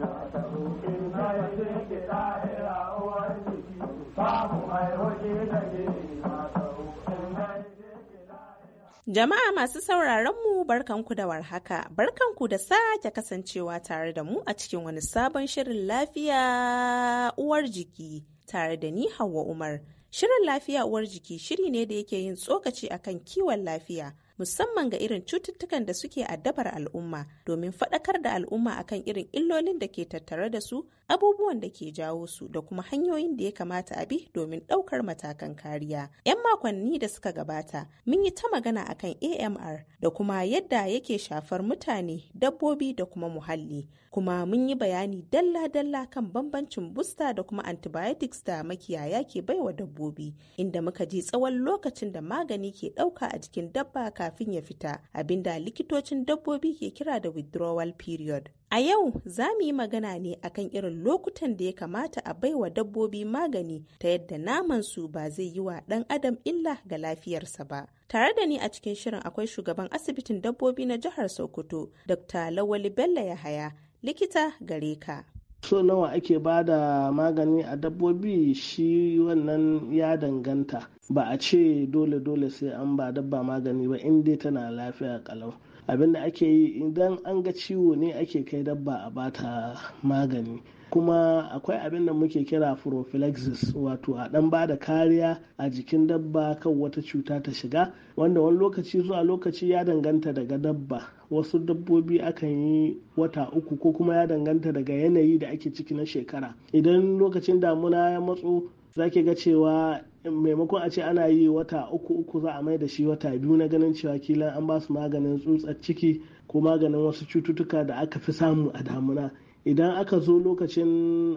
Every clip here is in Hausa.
Jama'a masu sauraron mu barkanku da warhaka, barkanku da sake kasancewa tare da mu a cikin wani sabon shirin lafiya uwar jiki tare da ni Hauwa Umar. Shirin lafiya uwar jiki shiri ne da yake yin tsokaci akan kiwon lafiya. musamman ga irin cututtukan da suke addabar al'umma domin faɗakar da al'umma akan irin illolin da ke tattare da su abubuwan da ke jawo su da kuma hanyoyin da ya kamata a bi domin ɗaukar matakan kariya. 'Yan makonni da suka gabata mun yi ta magana akan AMR da kuma yadda yake shafar mutane, dabbobi da kuma muhalli. Kuma mun yi bayani dalla-dalla kan bambancin busta da kuma antibiotics da makiyaya ke baiwa dabbobi inda muka ji tsawon lokacin da magani ke ɗauka a jikin dabba kafin ya fita abinda likitocin dabbobi ke kira da withdrawal period. A yau za mu yi magana ne akan irin lokutan da ya kamata a baiwa dabbobi magani ta yadda naman su ba zai yi wa ɗan adam illa ga lafiyarsa ba. Tare da ni a cikin shirin akwai shugaban asibitin dabbobi na jihar Sokoto, Dr. Lawali Bello Yahaya, likita gare ka. so nawa ake ba da magani a dabbobi shi wannan ya danganta ba a ce dole dole sai an ba dabba magani ba in dai tana lafiya kalau abinda ake yi idan an ga ciwo ne ake kai dabba a bata magani kuma akwai abin da muke kira prophylaxis wato a dan ba da kariya a jikin dabba kan wata cuta ta shiga wanda wani lokaci zuwa lokaci ya danganta daga dabba wasu dabbobi akan yi wata uku ko kuma ya danganta daga yanayi da ake ciki na shekara idan lokacin damuna ya matso za ga cewa maimakon a ce ana yi wata uku uku za a mai da shi wata biyu na ganin cewa kila an ba su maganin tsutsar ciki ko maganin wasu cututtuka da aka fi samu a damuna idan aka zo lokacin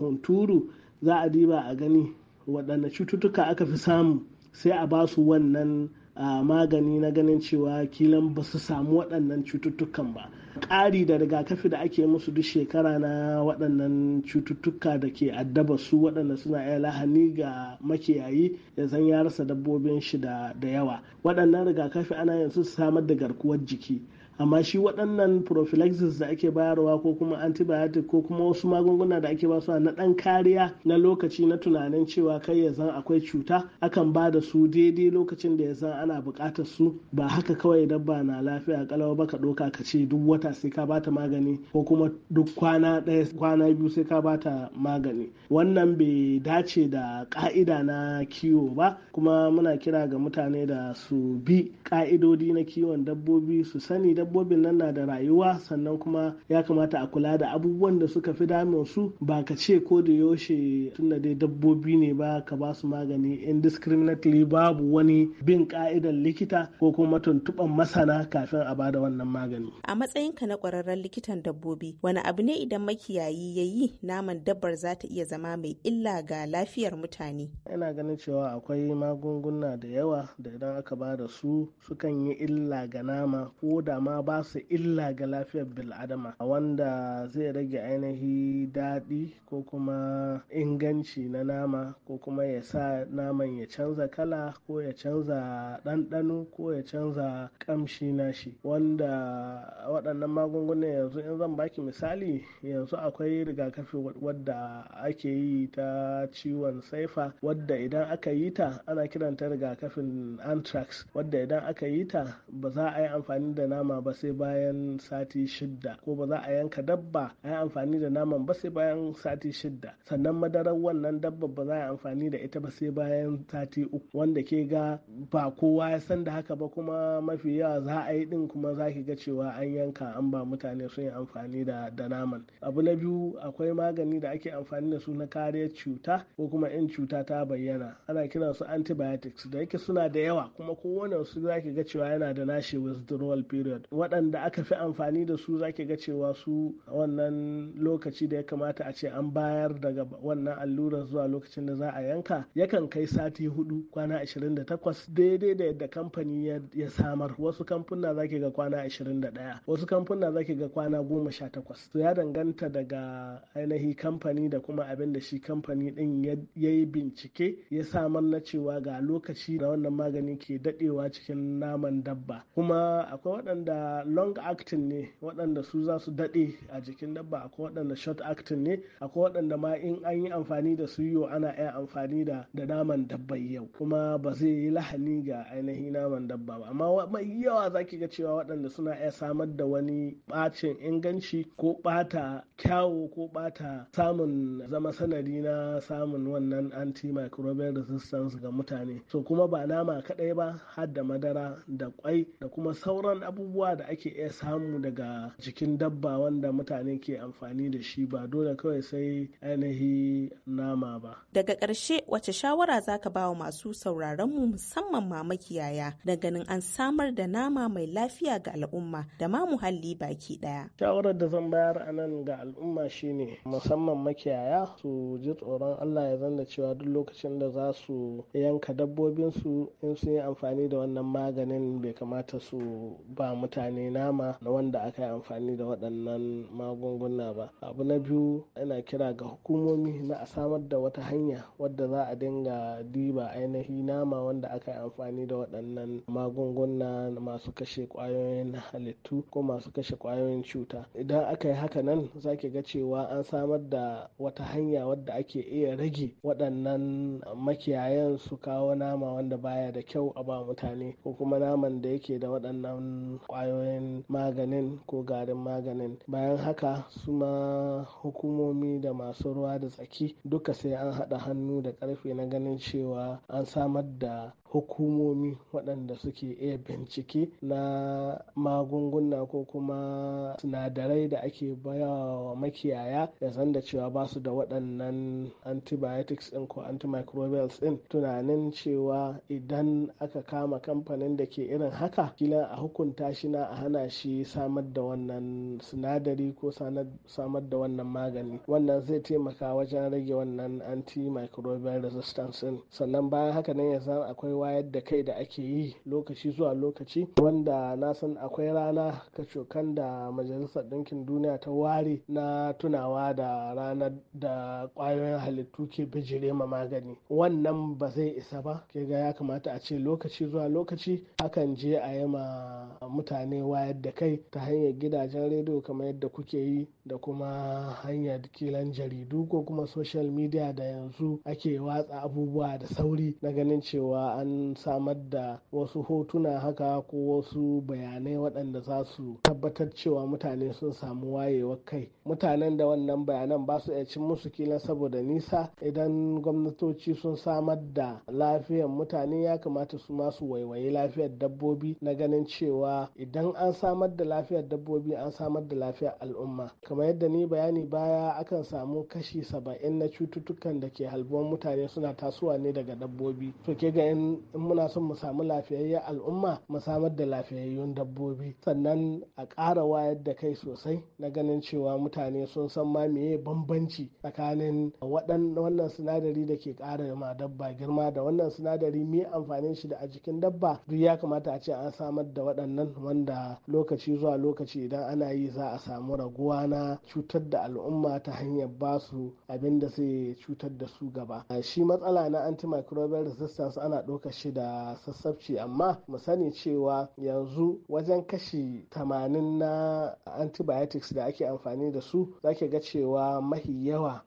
hunturu za a diba a gani waɗanne cututtuka aka fi samu sai a ba su wannan magani na ganin cewa kilan ba su samu waɗannan cututtukan ba ƙari da rigakafi da ake musu duk shekara na waɗannan cututtuka da ke addaba su waɗanda suna iya lahani ga makiyayi ya san ya rasa dabbobin shi da yawa waɗannan rigakafi ana yin su samar da garkuwar jiki amma shi waɗannan prophylaxis da ake bayarwa ko kuma antibiotic ko kuma wasu magunguna da ake basu na ɗan kariya na lokaci na tunanin cewa kai ya zan akwai cuta akan ba da su daidai lokacin da ya zan ana buƙatar su ba haka kawai dabba na lafiya kalau ba ka ɗauka ka ce duk wata sai ka bata magani ko kuma duk kwana ɗaya kwana biyu sai ka bata magani wannan bai dace da ƙa'ida na kiwo ba kuma muna kira ga mutane da su bi ƙa'idodi na kiwon dabbobi su sani dabbobi dabbobin nan na da rayuwa sannan kuma ya kamata a kula da abubuwan da suka fi damin su ba ka ce ko da yaushe tunda dai dabbobi ne ba ka ba su magani indiscriminately babu wani bin ka'idar likita ko kuma tuntuɓan masana kafin a bada wannan magani. A matsayin ka na kwararren likitan dabbobi wani abu ne idan makiyayi ya yi naman dabbar za ta iya zama mai illa ga lafiyar mutane. Ina ganin cewa akwai magunguna da yawa da idan aka ba da su sukan yi illa ga nama ko da ma ba su illa ga lafiyar bil'adama a wanda zai rage ainihi daɗi ko kuma inganci na nama ko kuma ya sa naman ya canza kala ko ya canza ɗanɗano ko ya canza ƙamshi shi, wanda waɗannan magungunan yanzu in zan baki misali yanzu akwai rigakafi wadda ake yi ta ciwon saifa wadda idan aka yi ta ana kiranta rigakafin anthrax wadda idan aka yi ta ba za a yi amfani da nama ba sai bayan sati shidda ko ba za a yanka dabba a yi amfani da naman ba sai bayan sati shidda sannan madarar wannan dabba ba za a yi amfani da ita ba sai bayan sati uku wanda ke ga ba kowa ya san da haka ba kuma mafi yawa za a yi din kuma za ki ga cewa an yanka an ba mutane sun yi amfani da da naman abu na biyu akwai magani da ake amfani da su na kariyar cuta ko kuma in cuta ta bayyana ana kiran su antibiotics da yake suna da yawa kuma kowane su za ki ga cewa yana da nashi withdrawal period waɗanda aka fi amfani da su zaki ga cewa su wannan lokaci da ya kamata a ce an bayar daga wannan allurar zuwa lokacin da za a yanka yakan kai sati hudu kwana 28 daidai da yadda kamfani ya samar wasu kamfuna zaki ga kwana 21 wasu kamfuna zaki ga kwana 18 to ya danganta daga ainihi kamfani da kuma abin da shi kamfani din ya yi bincike ya samar na cewa ga lokaci da wannan magani ke dadewa cikin naman dabba kuma akwai waɗanda long acting ne waɗanda su za su daɗe a jikin dabba akwai waɗanda short acting ne akwai waɗanda ma in an yi amfani da su yau ana iya amfani da da naman dabbai yau kuma ba zai yi lahani ga ainihin naman dabba ba amma mai yawa za ki ga cewa waɗanda suna iya samar da wani ɓacin inganci ko ɓata kyawu ko ɓata samun zama sanadi na samun wannan antimicrobial resistance ga mutane so kuma ba nama kaɗai ba har da madara da kwai da kuma sauran abubuwa da ake iya samu daga jikin dabba wanda mutane ke amfani da shi ba dole kawai sai ainihi nama ba. Daga ƙarshe wace shawara za ka ba wa masu sauraron mu musamman ma makiyaya da ganin an samar da nama mai lafiya ga al'umma da ma muhalli baki ɗaya. Shawarar da zan bayar a nan ga al'umma shine musamman makiyaya su ji tsoron Allah ya zanna cewa duk lokacin da za su yanka dabbobinsu in sun yi amfani da wannan maganin bai kamata su ba mutane mutane nama na wanda aka yi amfani da waɗannan magunguna ba abu na biyu ana kira ga hukumomi na a samar da wata hanya wadda za a dinga diba ainihi nama wanda aka yi amfani da waɗannan magunguna masu kashe ƙwayoyin halittu ko masu kashe ƙwayoyin cuta idan aka yi haka nan za ki ga cewa an samar da wata hanya wadda ake iya rage waɗannan makiyayan su kawo nama wanda baya da kyau a ba mutane ko kuma naman da yake da waɗannan ƙwayoyin ƙwayoyin maganin ko garin maganin bayan haka su ma hukumomi da masu ruwa da tsaki duka sai an haɗa hannu da ƙarfe na ganin cewa an samar da hukumomi waɗanda suke iya bincike na magunguna ko kuma sinadarai da ake bayawa makiyaya ya san da cewa ba su da waɗannan antibiotics ɗin ko antimicrobials ɗin tunanin cewa idan aka kama kamfanin da ke irin haka kila a hukunta shi na a hana shi samar da wannan sinadari ko samar da wannan magani wannan zai taimaka wajen rage wannan antimicrobial resistance ɗin sannan bayan haka nan ya akwai wayar da kai da ake yi lokaci zuwa lokaci wanda na san akwai rana kacokan da majalisar ɗinkin duniya ta ware na tunawa da ranar da kwayoyin halittu ke bijire ma magani wannan ba zai isa ba ke ga ya kamata a ce lokaci zuwa lokaci hakan je a yi ma mutane wayar da kai ta hanyar gidajen rediyo kamar yadda kuke yi da kuma hanyar kilan jaridu ko kuma social media da yanzu ake watsa abubuwa da sauri na ganin cewa an wajen samar da wasu hotuna haka ko wasu bayanai waɗanda za su tabbatar cewa mutane sun samu wayewa kai mutanen da wannan bayanan ba su iya cin musu kila saboda nisa idan gwamnatoci sun samar da lafiyar mutane ya kamata su masu waiwaye lafiyar dabbobi na ganin cewa idan an samar da lafiyar dabbobi an samar da lafiyar al'umma kamar yadda ni bayani baya akan samu kashi saba'in na cututtukan da ke halbuwan mutane suna tasowa ne daga dabbobi to ke ga in in muna son mu samu lafiyayyen al'umma mu samar da lafiyayyun dabbobi sannan a ƙara wayar da kai sosai na ganin cewa mutane sun san ma meye bambanci tsakanin wannan sinadari da ke ƙara ma dabba girma da wannan sinadari me amfanin shi da a jikin dabba duk ya kamata a ce an samar da waɗannan wanda lokaci zuwa lokaci idan ana yi za a samu raguwa na cutar da al'umma ta hanyar basu abin da zai cutar da su gaba shi matsala na antimicrobial resistance ana ɗauka. Kashi da sassabci amma mu sani cewa yanzu wajen kashi tamanin na antibiotics da ake amfani da su zaki ga cewa mahi yawa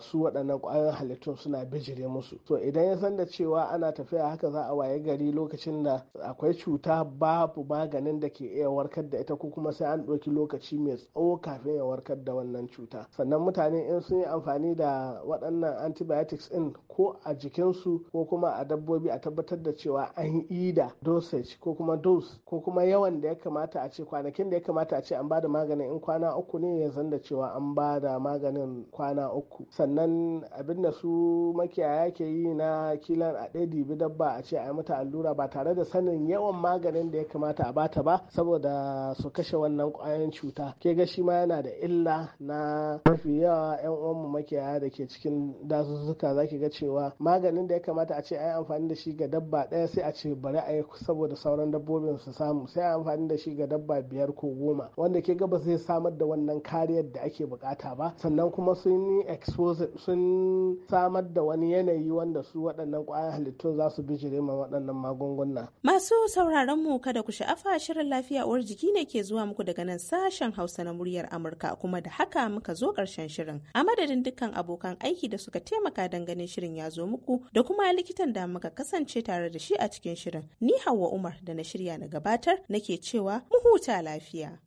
su waɗannan ƙwayoyin halittun suna bijire musu to idan ya san da cewa ana tafiya haka za a waye gari lokacin da akwai cuta babu maganin da ke iya warkar da ita ko kuma sai an ɗauki lokaci mai tsawo kafin ya warkar da wannan cuta sannan mutane in sun yi amfani da waɗannan antibiotics ɗin ko a jikinsu ko kuma a dabbobi a tabbatar da cewa an ida dosage ko kuma dose ko kuma yawan da ya kamata a ce kwanakin da ya kamata a ce an bada maganin in kwana uku ne ya zanda cewa an bada maganin kwana uku sannan abin da su makiyaya ke yi na kilan a ɗaya dibi dabba a ce a yi mata allura ba tare da sanin yawan maganin da ya kamata a bata ba saboda su kashe wannan ƙwayan cuta ke ga shi ma yana da illa na mafi yawa yan uwanmu makiyaya da ke cikin dazuzzuka zaki ga cewa maganin da ya kamata a ce a yi amfani da shi shi ga dabba ɗaya sai a ce bari a yi saboda sauran dabbobin su samu sai a amfani da shi ga dabba biyar ko goma wanda ke gaba zai samar da wannan kariyar da ake bukata ba sannan kuma sun yi exposed sun samar da wani yanayi wanda su waɗannan ƙwayar halittu za su bijire ma waɗannan magunguna. Masu sauraron mu kada ku sha'afa shirin lafiya uwar jiki ne ke zuwa muku daga nan sashen Hausa na muryar Amurka kuma da haka muka zo ƙarshen shirin. A madadin dukkan abokan aiki da suka taimaka don ganin shirin ya zo muku da kuma likitan da muka kasance tare da shi a cikin shirin. Ni hawa Umar da na shirya na gabatar nake cewa mu huta lafiya.